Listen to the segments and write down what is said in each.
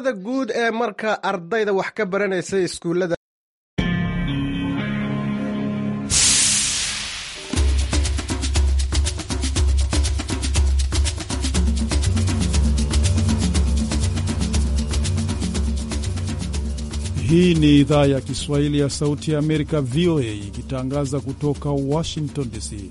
da guud ee marka ardayda wax ka baranaysa ee iskuullada Hii ni idhaa ya Kiswahili ya Sauti ya Amerika, VOA, ikitangaza kutoka Washington DC.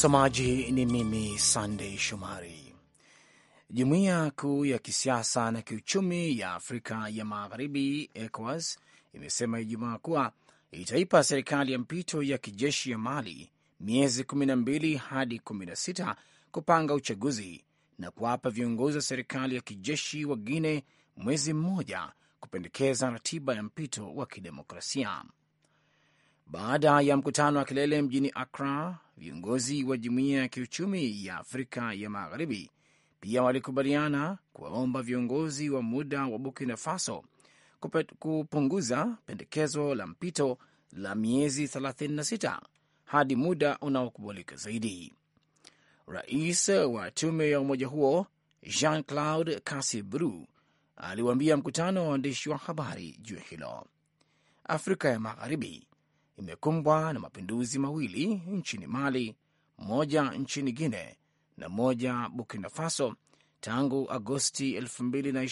Msomaji ni mimi Sandei Shomari. Jumuiya kuu ya kisiasa na kiuchumi ya Afrika ya Magharibi, ECOWAS, imesema Ijumaa kuwa itaipa serikali ya mpito ya kijeshi ya Mali miezi 12 hadi 16 kupanga uchaguzi na kuwapa viongozi wa serikali ya kijeshi wa Guine mwezi mmoja kupendekeza ratiba ya mpito wa kidemokrasia. Baada ya mkutano wa kilele mjini Accra viongozi wa jumuiya ya kiuchumi ya Afrika ya Magharibi pia walikubaliana kuwaomba viongozi wa muda wa Burkina Faso kupunguza pendekezo la mpito la miezi 36 hadi muda unaokubalika zaidi. Rais wa tume ya umoja huo Jean Claude Casibru aliwaambia mkutano wa waandishi wa habari juu ya hilo. Afrika ya Magharibi imekumbwa na mapinduzi mawili nchini Mali, moja nchini Guine na moja Burkina Faso tangu Agosti elfu na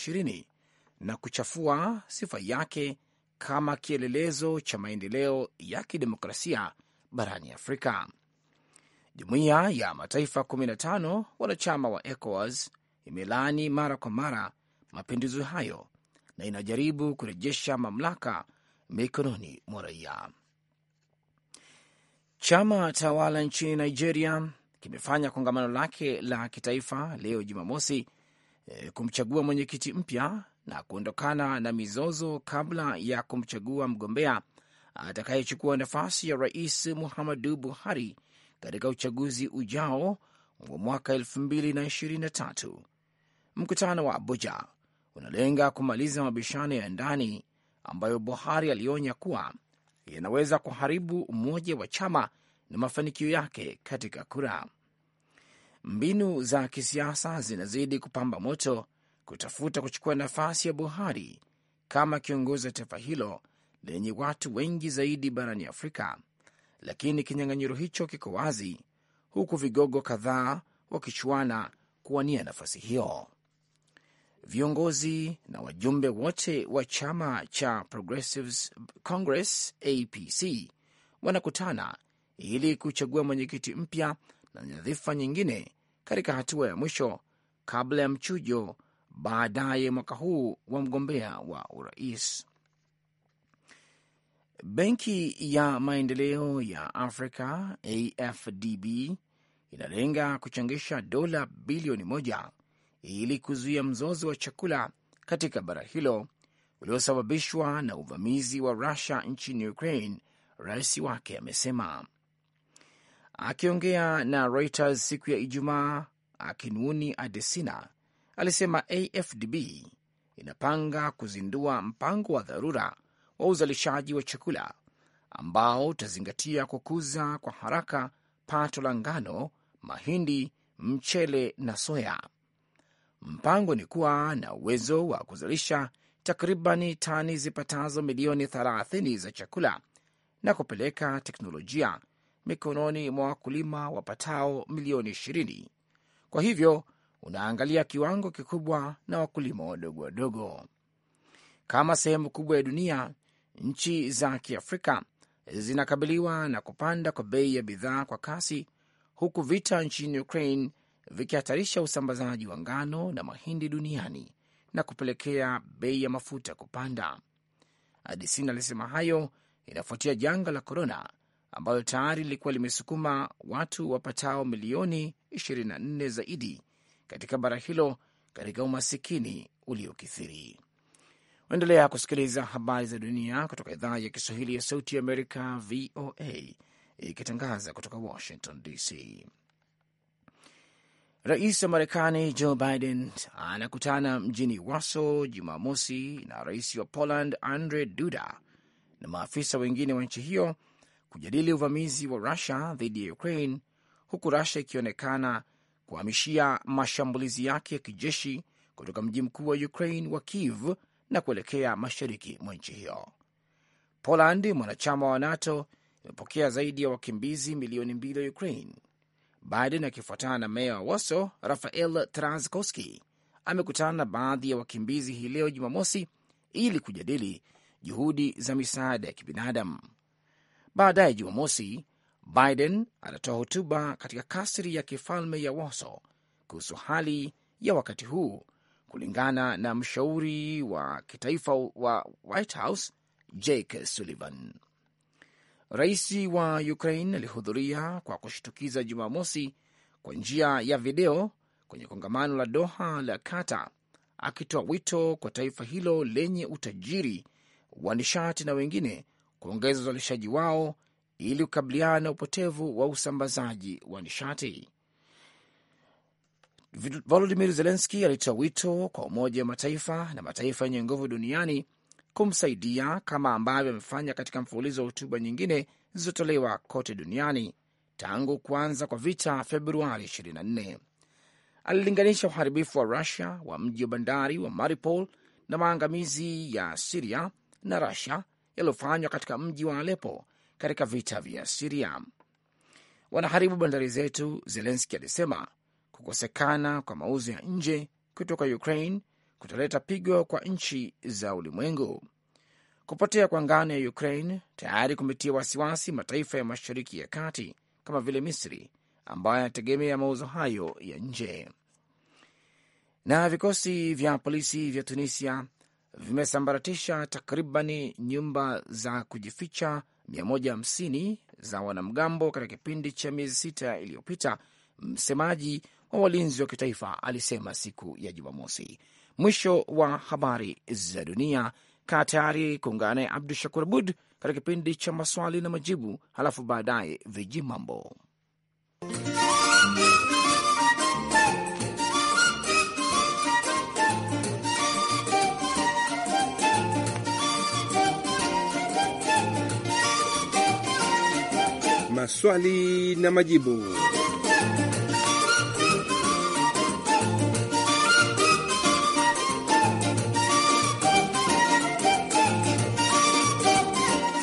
na kuchafua sifa yake kama kielelezo cha maendeleo ya kidemokrasia barani Afrika. Jumuiya ya mataifa 15 wanachama wa ECOWAS imelaani mara kwa mara mapinduzi hayo na inajaribu kurejesha mamlaka mikononi mwa raia. Chama tawala nchini Nigeria kimefanya kongamano lake la kitaifa leo Jumamosi e, kumchagua mwenyekiti mpya na kuondokana na mizozo kabla ya kumchagua mgombea atakayechukua nafasi ya Rais Muhammadu Buhari katika uchaguzi ujao wa mwaka 2023. Mkutano wa Abuja unalenga kumaliza mabishano ya ndani ambayo Buhari alionya kuwa yanaweza kuharibu umoja wa chama na mafanikio yake katika kura. Mbinu za kisiasa zinazidi kupamba moto kutafuta kuchukua nafasi ya Buhari kama kiongozi wa taifa hilo lenye watu wengi zaidi barani Afrika, lakini kinyang'anyiro hicho kiko wazi, huku vigogo kadhaa wakichuana kuwania nafasi hiyo. Viongozi na wajumbe wote wa chama cha Progressives Congress APC wanakutana ili kuchagua mwenyekiti mpya na nyadhifa nyingine katika hatua ya mwisho kabla ya mchujo baadaye mwaka huu wa mgombea wa urais. Benki ya Maendeleo ya Afrika AFDB inalenga kuchangisha dola bilioni moja ili kuzuia mzozo wa chakula katika bara hilo uliosababishwa na uvamizi wa Rusia nchini Ukraine, rais wake amesema. Akiongea na Reuters siku ya Ijumaa, Akinuni Adesina alisema AfDB inapanga kuzindua mpango wa dharura wa uzalishaji wa chakula ambao utazingatia kukuza kwa haraka pato la ngano, mahindi, mchele na soya. Mpango ni kuwa na uwezo wa kuzalisha takribani tani zipatazo milioni 30 za chakula na kupeleka teknolojia mikononi mwa wakulima wapatao milioni 20. Kwa hivyo unaangalia kiwango kikubwa na wakulima wadogo wadogo. Kama sehemu kubwa ya dunia, nchi za Kiafrika zinakabiliwa na kupanda kwa bei ya bidhaa kwa kasi, huku vita nchini Ukraine vikihatarisha usambazaji wa ngano na mahindi duniani na kupelekea bei ya mafuta kupanda. adisin alisema hayo inafuatia janga la korona ambalo tayari lilikuwa limesukuma watu wapatao milioni 24 zaidi katika bara hilo katika umasikini uliokithiri. endelea kusikiliza habari za dunia kutoka idhaa ya Kiswahili ya Sauti ya Amerika, VOA, ikitangaza kutoka Washington DC. Rais wa Marekani Joe Biden anakutana mjini Waso Jumamosi na rais wa Poland Andre Duda na maafisa wengine wa nchi hiyo kujadili uvamizi wa Rusia dhidi ya Ukraine, huku Rusia ikionekana kuhamishia mashambulizi yake ya kijeshi kutoka mji mkuu wa Ukraine wa Kiev na kuelekea mashariki mwa nchi hiyo. Poland, mwanachama wa NATO, imepokea zaidi ya wakimbizi milioni mbili wa Ukraine Biden akifuatana na meya wa Woso Rafael traskowski amekutana na baadhi ya wakimbizi hii leo Jumamosi ili kujadili juhudi za misaada ya kibinadamu. Baadaye Jumamosi, Biden atatoa hotuba katika kasri ya kifalme ya Woso kuhusu hali ya wakati huu, kulingana na mshauri wa kitaifa wa White House Jake Sullivan. Rais wa Ukraine alihudhuria kwa kushtukiza Jumamosi kwa njia ya video kwenye kongamano la Doha la Kata, akitoa wito kwa taifa hilo lenye utajiri wa nishati na wengine kuongeza uzalishaji wao ili kukabiliana na upotevu wa usambazaji wa nishati. Volodimir Zelenski alitoa wito kwa Umoja wa Mataifa na mataifa yenye nguvu duniani kumsaidia kama ambavyo amefanya katika mfululizo wa hotuba nyingine zilizotolewa kote duniani tangu kuanza kwa vita Februari 24. Alilinganisha uharibifu wa Rusia wa mji wa bandari wa Mariupol na maangamizi ya Siria na Rusia yaliyofanywa katika mji wa Alepo katika vita vya Siria. Wanaharibu bandari zetu, Zelenski alisema. Kukosekana kwa mauzo ya nje kutoka Ukraine kutaleta pigo kwa nchi za ulimwengu. Kupotea kwa ngano ya Ukraine tayari kumetia wasiwasi mataifa ya mashariki ya kati kama vile Misri ambayo yanategemea mauzo hayo ya nje. Na vikosi vya polisi vya Tunisia vimesambaratisha takribani nyumba za kujificha 150 za wanamgambo katika kipindi cha miezi sita iliyopita, msemaji wa walinzi wa kitaifa alisema siku ya Jumamosi. Mwisho wa habari za dunia. Kaa tayari kuungana naye Abdu Shakur Abud katika kipindi cha maswali na majibu, halafu baadaye viji mambo. Maswali na majibu.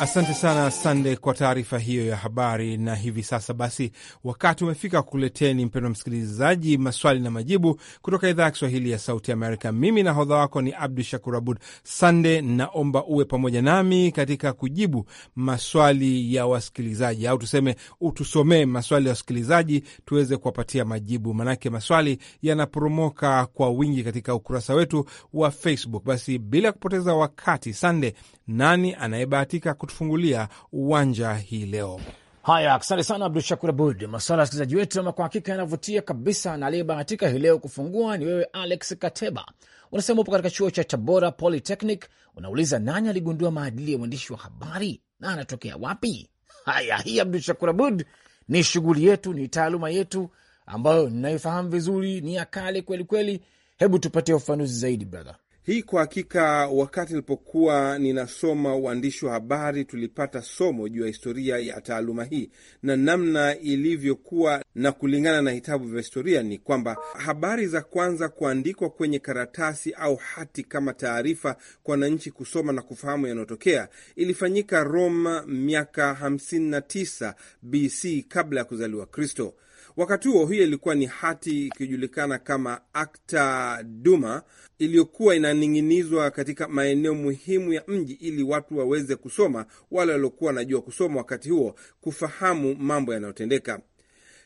Asante sana Sande kwa taarifa hiyo ya habari. Na hivi sasa basi, wakati umefika kuleteni, mpendwa msikilizaji, maswali na majibu kutoka idhaa ya Kiswahili ya Sauti Amerika. Mimi na hodha wako ni Abdu Shakur Abud. Sande, naomba uwe pamoja nami katika kujibu maswali ya wasikilizaji, au tuseme utusomee maswali ya wasikilizaji tuweze kuwapatia majibu, manake maswali yanaporomoka kwa wingi katika ukurasa wetu wa Facebook. Basi bila kupoteza wakati, Sande, nani anayebahatika kutu kutufungulia uwanja hii leo. Haya, asante sana Abdu Shakur Abud. maswala ya wasikilizaji wetu ama kwa hakika yanavutia kabisa, na aliyebahatika hii leo kufungua ni wewe Alex Kateba. Unasema upo katika chuo cha Tabora Polytechnic, unauliza nani aligundua maadili ya uandishi wa habari na anatokea wapi? Haya, hii Abdu Shakur Abud ni shughuli yetu, ni taaluma yetu ambayo naifahamu vizuri, ni ya kale kwelikweli. Hebu tupatie ufafanuzi zaidi brother. Hii kwa hakika, wakati nilipokuwa ninasoma uandishi wa habari, tulipata somo juu ya historia ya taaluma hii na namna ilivyokuwa, na kulingana na vitabu vya historia ni kwamba habari za kwanza kuandikwa kwenye karatasi au hati kama taarifa kwa wananchi kusoma na kufahamu yanayotokea ilifanyika Roma miaka 59 BC kabla ya kuzaliwa Kristo. Wakati huo hiyo ilikuwa ni hati ikijulikana kama Akta Duma iliyokuwa inaning'inizwa katika maeneo muhimu ya mji ili watu waweze kusoma, wale waliokuwa wanajua kusoma wakati huo, kufahamu mambo yanayotendeka.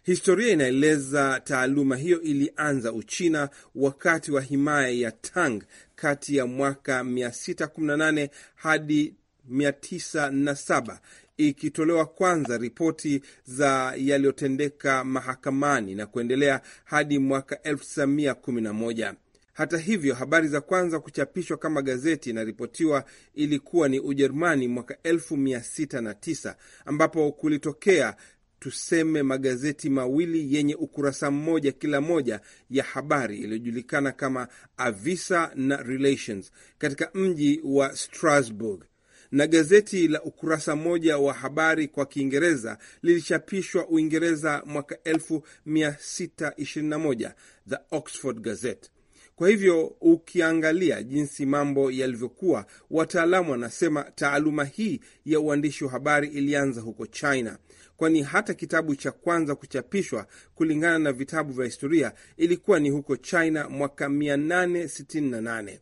Historia inaeleza taaluma hiyo ilianza Uchina wakati wa himaya ya Tang kati ya mwaka 618 hadi 907 ikitolewa kwanza ripoti za yaliyotendeka mahakamani na kuendelea hadi mwaka 1911. Hata hivyo, habari za kwanza kuchapishwa kama gazeti inaripotiwa ilikuwa ni Ujerumani mwaka 1609 ambapo kulitokea tuseme magazeti mawili yenye ukurasa mmoja kila moja ya habari iliyojulikana kama Avisa na Relations katika mji wa Strasbourg na gazeti la ukurasa mmoja wa habari kwa Kiingereza lilichapishwa Uingereza mwaka 1621, The Oxford Gazette. Kwa hivyo ukiangalia jinsi mambo yalivyokuwa, wataalamu wanasema taaluma hii ya uandishi wa habari ilianza huko China, kwani hata kitabu cha kwanza kuchapishwa kulingana na vitabu vya historia ilikuwa ni huko China mwaka 868.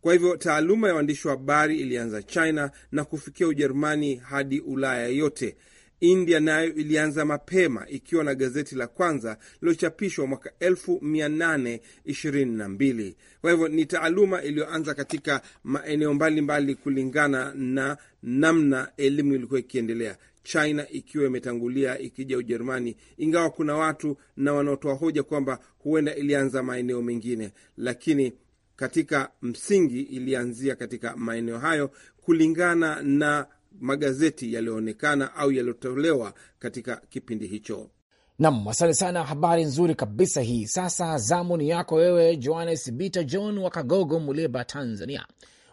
Kwa hivyo taaluma ya waandishi wa habari ilianza China na kufikia Ujerumani hadi Ulaya yote. India nayo ilianza mapema ikiwa na gazeti la kwanza lilochapishwa mwaka 1822. Kwa hivyo ni taaluma iliyoanza katika maeneo mbalimbali kulingana na namna elimu ilikuwa ikiendelea, China ikiwa imetangulia ikija Ujerumani, ingawa kuna watu na wanaotoa hoja kwamba huenda ilianza maeneo mengine, lakini katika msingi ilianzia katika maeneo hayo, kulingana na magazeti yaliyoonekana au yaliyotolewa katika kipindi hicho. Nam, asante sana, habari nzuri kabisa hii. Sasa zamu ni yako wewe, Johannes Bita John wa Kagogo, Muleba, Tanzania.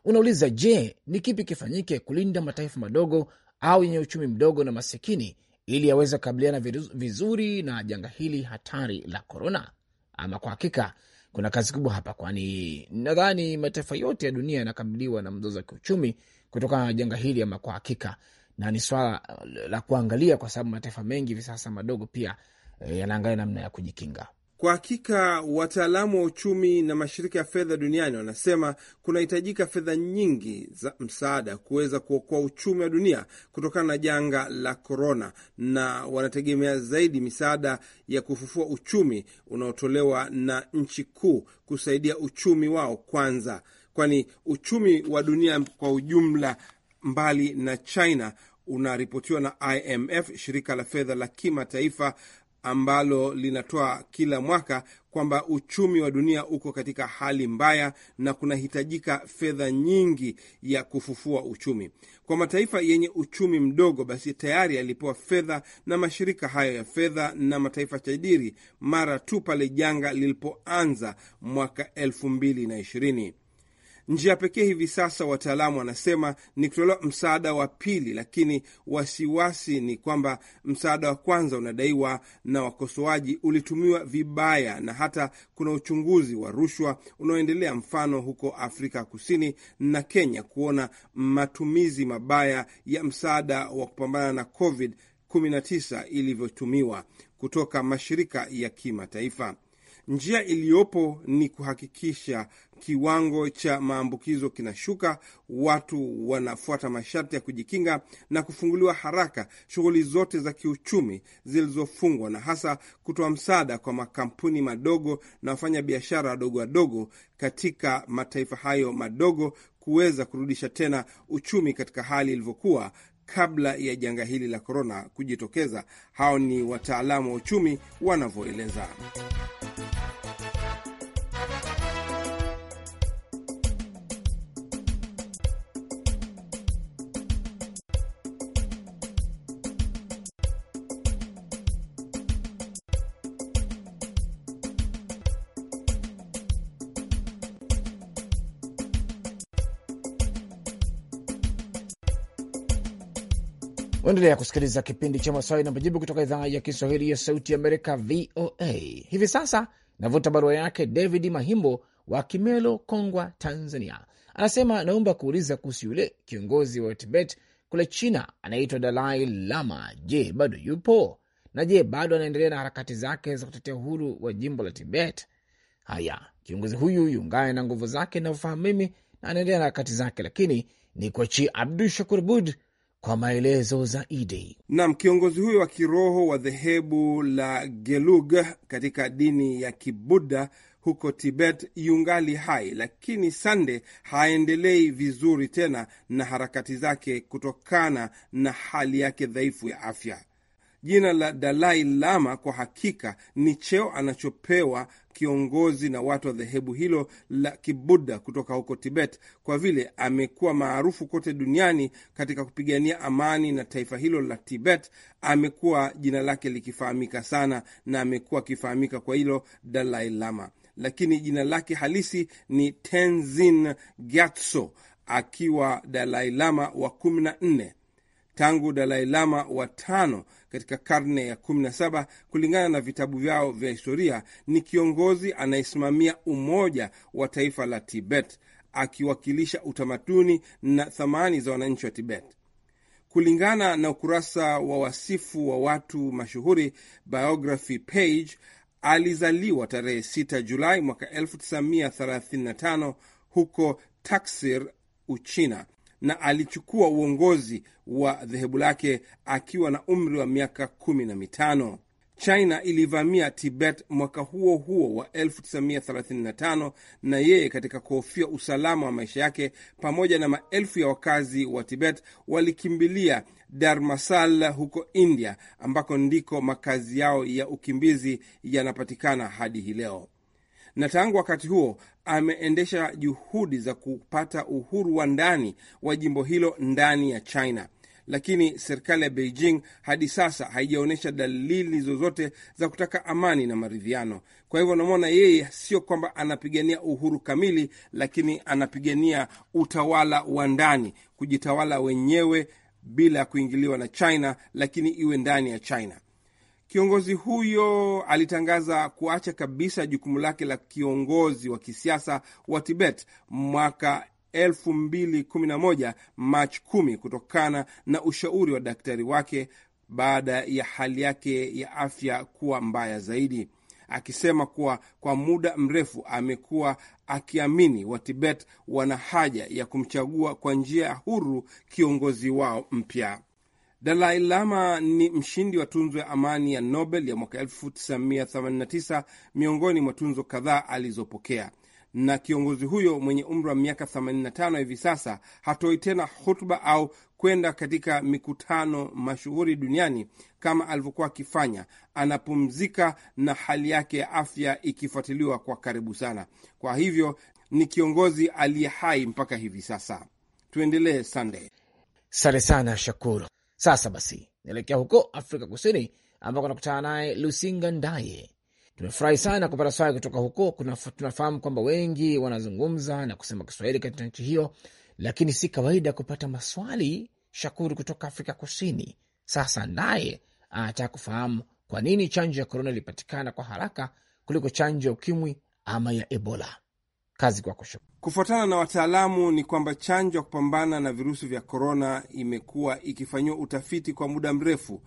Unauliza, je, ni kipi kifanyike kulinda mataifa madogo au yenye uchumi mdogo na masikini ili yaweze kukabiliana vizuri na janga hili hatari la korona? Ama kwa hakika kuna kazi kubwa hapa, kwani nadhani mataifa yote ya dunia yanakabiliwa na mzozo wa kiuchumi kutokana na janga hili, ama kwa hakika, na ni swala la kuangalia, kwa sababu mataifa mengi hivi sasa madogo pia eh, yanaangalia namna ya kujikinga. Kwa hakika wataalamu wa uchumi na mashirika ya fedha duniani wanasema kunahitajika fedha nyingi za msaada kuweza kuokoa uchumi wa dunia kutokana na janga la korona, na wanategemea zaidi misaada ya kufufua uchumi unaotolewa na nchi kuu kusaidia uchumi wao kwanza, kwani uchumi wa dunia kwa ujumla, mbali na China, unaripotiwa na IMF, shirika la fedha la kimataifa ambalo linatoa kila mwaka kwamba uchumi wa dunia uko katika hali mbaya na kunahitajika fedha nyingi ya kufufua uchumi. Kwa mataifa yenye uchumi mdogo, basi tayari yalipewa fedha na mashirika hayo ya fedha na mataifa tajiri mara tu pale janga lilipoanza mwaka elfu mbili na ishirini. Njia pekee hivi sasa, wataalamu wanasema ni kutolewa msaada wa pili, lakini wasiwasi ni kwamba msaada wa kwanza unadaiwa na wakosoaji ulitumiwa vibaya, na hata kuna uchunguzi wa rushwa unaoendelea, mfano huko Afrika Kusini na Kenya, kuona matumizi mabaya ya msaada wa kupambana na COVID 19 ilivyotumiwa kutoka mashirika ya kimataifa. Njia iliyopo ni kuhakikisha kiwango cha maambukizo kinashuka, watu wanafuata masharti ya kujikinga na kufunguliwa haraka shughuli zote za kiuchumi zilizofungwa, na hasa kutoa msaada kwa makampuni madogo na wafanya biashara wadogo wadogo katika mataifa hayo madogo kuweza kurudisha tena uchumi katika hali ilivyokuwa kabla ya janga hili la korona kujitokeza. Hao ni wataalamu wa uchumi wanavyoeleza. Unaendelea kusikiliza kipindi cha maswali na majibu kutoka idhaa ya Kiswahili ya Sauti Amerika, VOA. Hivi sasa navuta barua yake David Mahimbo wa Kimelo, Kongwa, Tanzania. Anasema naomba kuuliza kuhusu yule kiongozi wa Tibet kule China anaitwa Dalai Lama. Je, bado yupo na je, bado anaendelea na harakati zake za kutetea uhuru wa jimbo la Tibet? Haya, kiongozi huyu yungane na nguvu zake, naofahamu mimi, na anaendelea na harakati zake, lakini ni kuachia Abdu Shakur Bud kwa maelezo zaidi. Nam kiongozi huyo wa kiroho wa dhehebu la Gelug katika dini ya kibudda huko Tibet yungali hai, lakini Sande haendelei vizuri tena na harakati zake kutokana na hali yake dhaifu ya afya. Jina la Dalai Lama kwa hakika ni cheo anachopewa kiongozi na watu wa dhehebu hilo la kibudda kutoka huko Tibet, kwa vile amekuwa maarufu kote duniani katika kupigania amani na taifa hilo la Tibet. Amekuwa jina lake likifahamika sana na amekuwa akifahamika kwa hilo Dalai Lama, lakini jina lake halisi ni Tenzin Gyatso, akiwa Dalai Lama wa kumi na nne tangu Dalai Lama wa tano katika karne ya 17 kulingana na vitabu vyao vya historia, ni kiongozi anayesimamia umoja wa taifa la Tibet akiwakilisha utamaduni na thamani za wananchi wa Tibet. Kulingana na ukurasa wa wasifu wa watu mashuhuri biography page, alizaliwa tarehe 6 Julai mwaka 1935 huko Taksir, Uchina na alichukua uongozi wa dhehebu lake akiwa na umri wa miaka kumi na mitano. China ilivamia Tibet mwaka huo huo wa 1935 na yeye, katika kuhofia usalama wa maisha yake, pamoja na maelfu ya wakazi wa Tibet walikimbilia darmasal huko India, ambako ndiko makazi yao ya ukimbizi yanapatikana hadi hii leo na tangu wakati huo ameendesha juhudi za kupata uhuru wa ndani wa jimbo hilo ndani ya China, lakini serikali ya Beijing hadi sasa haijaonyesha dalili zozote za kutaka amani na maridhiano. Kwa hivyo unamwona yeye sio kwamba anapigania uhuru kamili, lakini anapigania utawala wa ndani, kujitawala wenyewe bila ya kuingiliwa na China, lakini iwe ndani ya China. Kiongozi huyo alitangaza kuacha kabisa jukumu lake la kiongozi wa kisiasa wa Tibet mwaka 2011 Machi 10 kutokana na ushauri wa daktari wake baada ya hali yake ya afya kuwa mbaya zaidi, akisema kuwa kwa muda mrefu amekuwa akiamini Watibet wana haja ya kumchagua kwa njia ya huru kiongozi wao mpya. Dalai Lama ni mshindi wa tunzo ya amani ya Nobel ya mwaka 1989 miongoni mwa tunzo kadhaa alizopokea. Na kiongozi huyo mwenye umri wa miaka 85 hivi sasa hatoi tena hutuba au kwenda katika mikutano mashuhuri duniani kama alivyokuwa akifanya. Anapumzika na hali yake ya afya ikifuatiliwa kwa karibu sana. Kwa hivyo ni kiongozi aliye hai mpaka hivi sasa. Tuendelee Sunday. sante sana Shakuru. Sasa basi naelekea huko Afrika Kusini ambako nakutana naye Lusinga Ndaye. Tumefurahi sana kupata swali kutoka huko. tunafahamu kwamba wengi wanazungumza na kusema Kiswahili katika nchi hiyo, lakini si kawaida kupata maswali Shakuru kutoka Afrika Kusini. Sasa Ndaye anataka kufahamu kwa nini chanjo ya korona ilipatikana kwa haraka kuliko chanjo ya ukimwi ama ya Ebola kazi kwa kushu. Kufuatana na wataalamu ni kwamba chanjo ya kupambana na virusi vya korona imekuwa ikifanyiwa utafiti kwa muda mrefu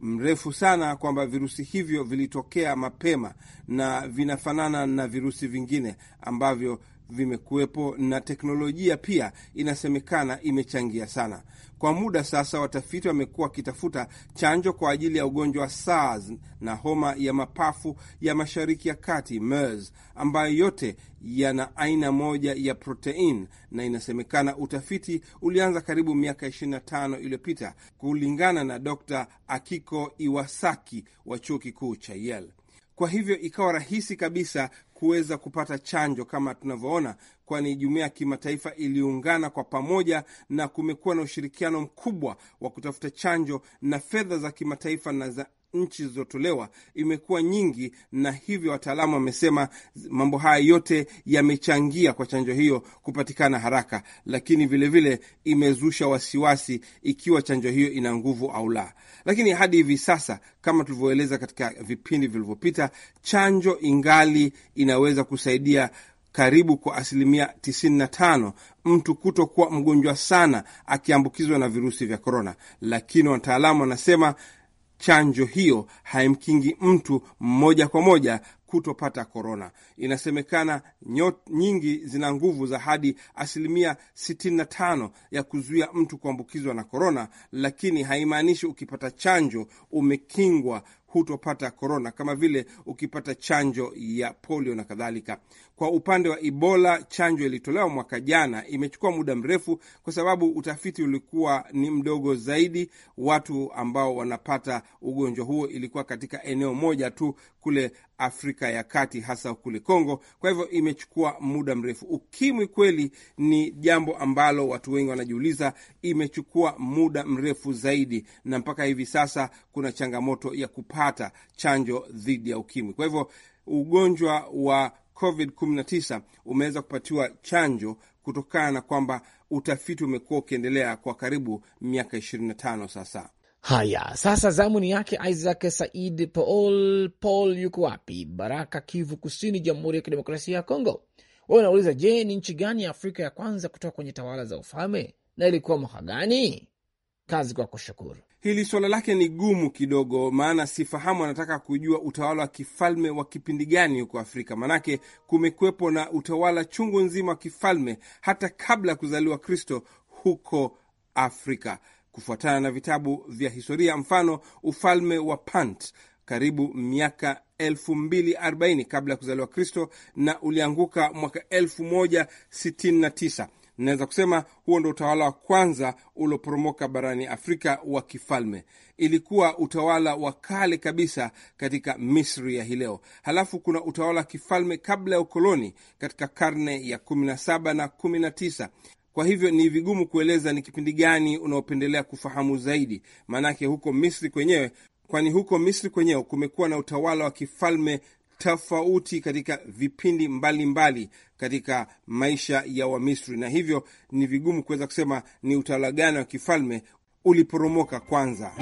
mrefu sana, kwamba virusi hivyo vilitokea mapema na vinafanana na virusi vingine ambavyo vimekuwepo, na teknolojia pia inasemekana imechangia sana. Kwa muda sasa, watafiti wamekuwa wakitafuta chanjo kwa ajili ya ugonjwa wa SARS na homa ya mapafu ya mashariki ya kati MERS, ambayo yote yana aina moja ya protein, na inasemekana utafiti ulianza karibu miaka 25 iliyopita, kulingana na Dr Akiko Iwasaki wa chuo kikuu cha Yale. Kwa hivyo ikawa rahisi kabisa kuweza kupata chanjo kama tunavyoona, kwani jumuiya ya kimataifa iliungana kwa pamoja na kumekuwa na ushirikiano mkubwa wa kutafuta chanjo na fedha za kimataifa na za nchi zilizotolewa imekuwa nyingi, na hivyo wataalamu wamesema mambo haya yote yamechangia kwa chanjo hiyo kupatikana haraka, lakini vilevile vile imezusha wasiwasi ikiwa chanjo hiyo ina nguvu au la. Lakini hadi hivi sasa, kama tulivyoeleza katika vipindi vilivyopita, chanjo ingali inaweza kusaidia karibu kwa asilimia 95 mtu kutokuwa mgonjwa sana akiambukizwa na virusi vya korona, lakini wataalamu wanasema chanjo hiyo haimkingi mtu moja kwa moja kutopata korona. Inasemekana nyot nyingi zina nguvu za hadi asilimia 65 ya kuzuia mtu kuambukizwa na korona, lakini haimaanishi ukipata chanjo umekingwa hutopata korona, kama vile ukipata chanjo ya polio na kadhalika. Kwa upande wa Ebola, chanjo ilitolewa mwaka jana, imechukua muda mrefu kwa sababu utafiti ulikuwa ni mdogo zaidi. Watu ambao wanapata ugonjwa huo ilikuwa katika eneo moja tu kule Afrika ya Kati, hasa kule Kongo. Kwa hivyo imechukua muda mrefu. Ukimwi kweli ni jambo ambalo watu wengi wanajiuliza, imechukua muda mrefu zaidi, na mpaka hivi sasa kuna changamoto ya kupata chanjo dhidi ya ukimwi. Kwa hivyo ugonjwa wa COVID-19 umeweza kupatiwa chanjo kutokana na kwamba utafiti umekuwa ukiendelea kwa karibu miaka 25 sasa. Haya, sasa zamu ni yake Isaac Said Paul. Paul yuko wapi? Baraka, Kivu Kusini, Jamhuri ya Kidemokrasia ya Kongo. Wewe unauliza, je, ni nchi gani ya Afrika ya kwanza kutoka kwenye tawala za ufalme na ilikuwa mwaka gani? Kazi kwa kushukuru. Hili suala lake ni gumu kidogo, maana sifahamu anataka kujua utawala wa kifalme wa kipindi gani huko Afrika. Manake kumekuwepo na utawala chungu nzima wa kifalme hata kabla ya kuzaliwa Kristo huko Afrika kufuatana na vitabu vya historia. Mfano, ufalme wa Punt karibu miaka 240 kabla ya kuzaliwa Kristo na ulianguka mwaka 1069. Naweza kusema huo ndo utawala wa kwanza ulioporomoka barani Afrika wa kifalme. Ilikuwa utawala wa kale kabisa katika Misri ya hii leo. Halafu kuna utawala wa kifalme kabla ya ukoloni katika karne ya 17 na 19. Kwa hivyo ni vigumu kueleza ni kipindi gani unaopendelea kufahamu zaidi, maanake huko Misri kwenyewe, kwani huko Misri kwenyewe kumekuwa na utawala wa kifalme tofauti katika vipindi mbalimbali mbali katika maisha ya Wamisri, na hivyo ni vigumu kuweza kusema ni utawala gani wa kifalme uliporomoka kwanza.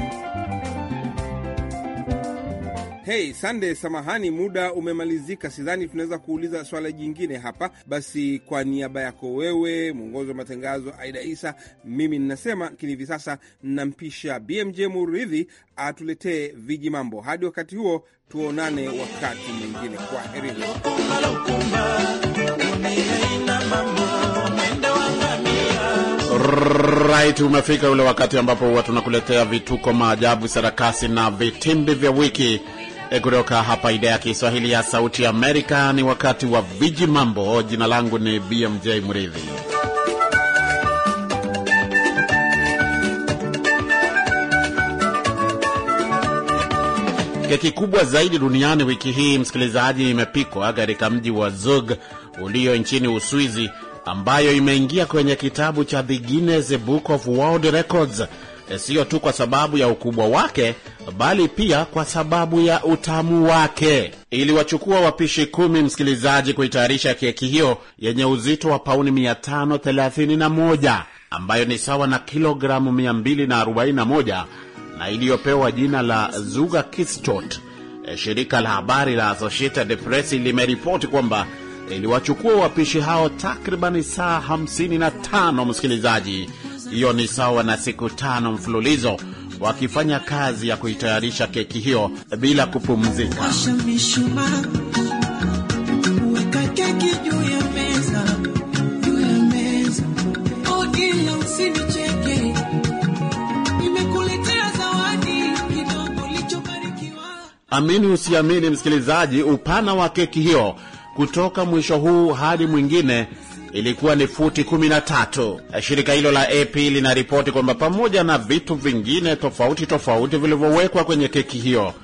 Hey, Sande, samahani, muda umemalizika. Sidhani tunaweza kuuliza swala jingine hapa. Basi, kwa niaba yako wewe, mwongozi wa matangazo Aida Isa, mimi ninasema lakini hivi sasa nampisha BMJ Muridhi atuletee viji mambo. Hadi wakati huo, tuonane wakati mwingine. Kwa heri. Right, umefika ule wakati ambapo huwa tunakuletea vituko, maajabu, sarakasi na vitimbi vya wiki Eh, kutoka hapa idhaa ya Kiswahili ya Sauti ya Amerika. Ni wakati wa viji mambo. Jina langu ni BMJ Mridhi. Keki kubwa zaidi duniani wiki hii, msikilizaji, imepikwa katika mji wa Zug ulio nchini Uswizi, ambayo imeingia kwenye kitabu cha The Guinness Book of World Records Eh, siyo tu kwa sababu ya ukubwa wake, bali pia kwa sababu ya utamu wake. Iliwachukua wapishi kumi, msikilizaji, kuitayarisha keki hiyo yenye uzito wa pauni 531 ambayo ni sawa na kilogramu 241 na iliyopewa jina la Zuga Kistot. Eh, shirika la habari la Associated Press limeripoti kwamba iliwachukua wapishi hao takribani saa 55, msikilizaji hiyo ni sawa na siku tano mfululizo wakifanya kazi ya kuitayarisha keki hiyo bila kupumzika. Oh, Amini usiamini, msikilizaji, upana wa keki hiyo kutoka mwisho huu hadi mwingine ilikuwa ni futi 13. Shirika hilo la AP linaripoti kwamba pamoja na vitu vingine tofauti tofauti vilivyowekwa kwenye keki hiyo,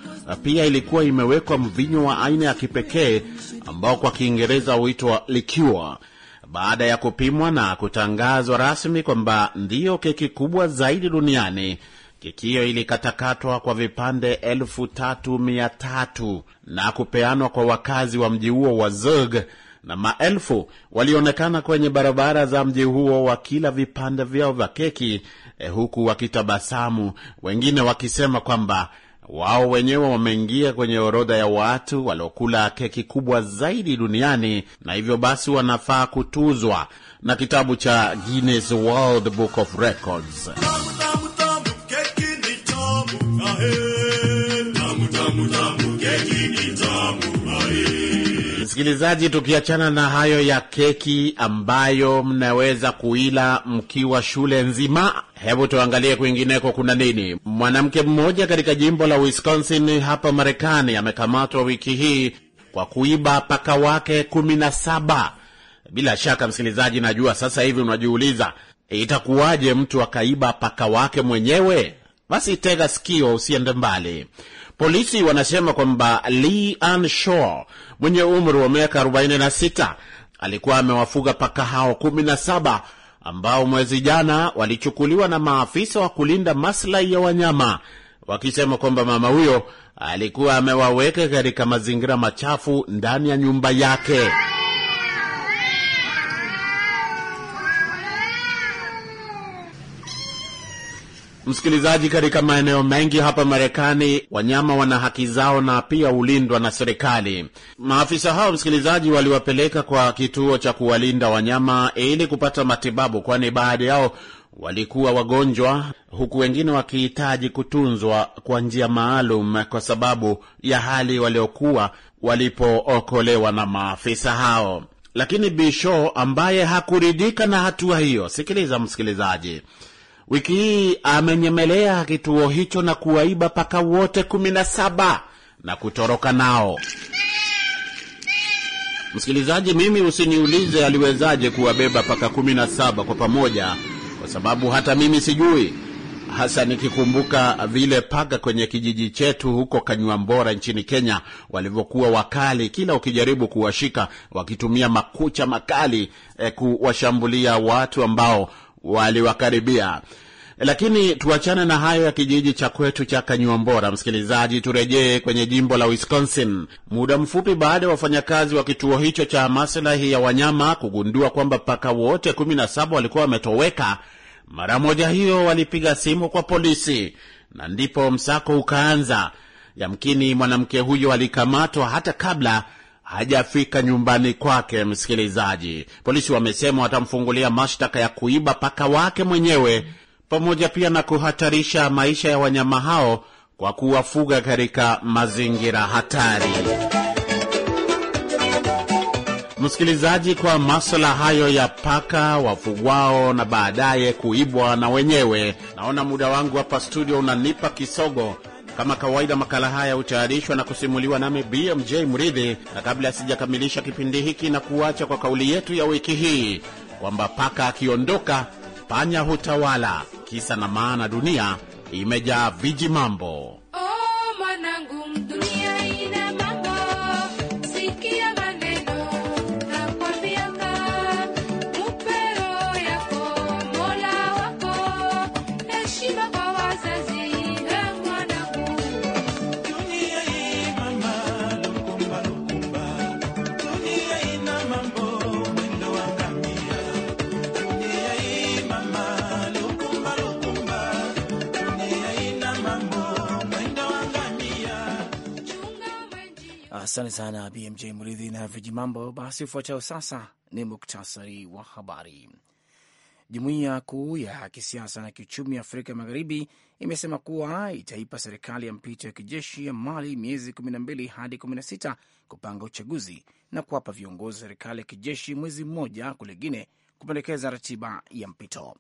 pia ilikuwa imewekwa mvinyo wa aina ya kipekee ambao kwa Kiingereza huitwa likiwa. Baada ya kupimwa na kutangazwa rasmi kwamba ndiyo keki kubwa zaidi duniani, keki hiyo ilikatakatwa kwa vipande elfu tatu mia tatu na kupeanwa kwa wakazi wa mji huo wa Zug na maelfu walionekana kwenye barabara za mji huo wakila vipande vyao vya keki eh, huku wakitabasamu, wengine wakisema kwamba wao wenyewe wameingia kwenye orodha ya watu waliokula keki kubwa zaidi duniani na hivyo basi wanafaa kutuzwa na kitabu cha Guinness World Book of Records. Tamu, tamu, tamu, keki ni tamu, Msikilizaji, tukiachana na hayo ya keki ambayo mnaweza kuila mkiwa shule nzima, hebu tuangalie kwingineko kuna nini. Mwanamke mmoja katika jimbo la Wisconsin hapa Marekani amekamatwa wiki hii kwa kuiba paka wake kumi na saba. Bila shaka, msikilizaji, najua sasa hivi unajiuliza itakuwaje mtu akaiba paka wake mwenyewe? Basi tega sikio, usiende mbali. Polisi wanasema kwamba Lee Ann Shaw mwenye umri wa miaka 46 alikuwa amewafuga paka hao 17 ambao mwezi jana walichukuliwa na maafisa wa kulinda maslahi ya wanyama wakisema kwamba mama huyo alikuwa amewaweka katika mazingira machafu ndani ya nyumba yake. Msikilizaji, katika maeneo mengi hapa Marekani wanyama wana haki zao na pia hulindwa na serikali. Maafisa hao, msikilizaji, waliwapeleka kwa kituo cha kuwalinda wanyama ili kupata matibabu, kwani baadhi yao walikuwa wagonjwa, huku wengine wakihitaji kutunzwa kwa njia maalum kwa sababu ya hali waliokuwa walipookolewa na maafisa hao. Lakini Bisho ambaye hakuridhika na hatua hiyo, sikiliza msikilizaji Wiki hii amenyemelea kituo hicho na kuwaiba paka wote kumi na saba na kutoroka nao. Msikilizaji, mimi usiniulize aliwezaje kuwabeba paka kumi na saba kwa pamoja, kwa sababu hata mimi sijui, hasa nikikumbuka vile paka kwenye kijiji chetu huko Kanywambora nchini Kenya walivyokuwa wakali, kila ukijaribu kuwashika wakitumia makucha makali eh, kuwashambulia watu ambao waliwakaribia. Lakini tuachane na hayo ya kijiji cha kwetu cha Kanyuambora, msikilizaji, turejee kwenye jimbo la Wisconsin. Muda mfupi baada ya wafanyakazi wa kituo hicho cha maslahi ya wanyama kugundua kwamba paka wote 17 walikuwa wametoweka, mara moja hiyo walipiga simu kwa polisi na ndipo msako ukaanza. Yamkini mwanamke huyo alikamatwa hata kabla hajafika nyumbani kwake. Msikilizaji, polisi wamesema watamfungulia mashtaka ya kuiba paka wake mwenyewe pamoja pia na kuhatarisha maisha ya wanyama hao kwa kuwafuga katika mazingira hatari. Msikilizaji, kwa masuala hayo ya paka wafugwao na baadaye kuibwa na wenyewe, naona muda wangu hapa studio unanipa kisogo. Kama kawaida, makala haya hutayarishwa na kusimuliwa nami BMJ Mridhi, na kabla sijakamilisha kipindi hiki na kuacha kwa kauli yetu ya wiki hii kwamba paka akiondoka panya hutawala. Kisa na maana, dunia imejaa viji mambo. Oh, dunia Asante sana BMJ Mridhi na viji mambo. Basi ufuatao sasa ni muktasari wa habari. Jumuiya kuu ya kisiasa na kiuchumi Afrika Magharibi imesema kuwa itaipa serikali ya mpito ya kijeshi ya Mali miezi 12 hadi 16 kupanga uchaguzi na kuwapa viongozi wa serikali ya kijeshi mwezi mmoja kulegine kupendekeza ratiba ya mpito.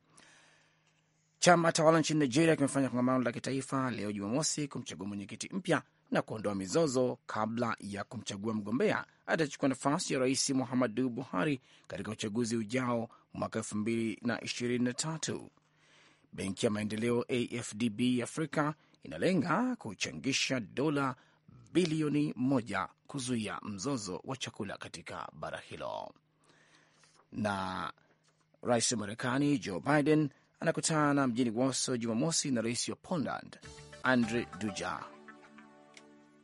Chama tawala nchini Nigeria kimefanya kongamano la kitaifa leo Jumamosi kumchagua mwenyekiti mpya na kuondoa mizozo kabla ya kumchagua mgombea atachukua nafasi ya Rais Muhammadu Buhari katika uchaguzi ujao mwaka elfu mbili na ishirini na tatu. Benki ya Maendeleo AFDB Afrika inalenga kuchangisha dola bilioni moja kuzuia mzozo wa chakula katika bara hilo. Na rais wa Marekani Joe Biden anakutana mjini Warsaw Jumamosi na rais wa Poland Andrzej Duda.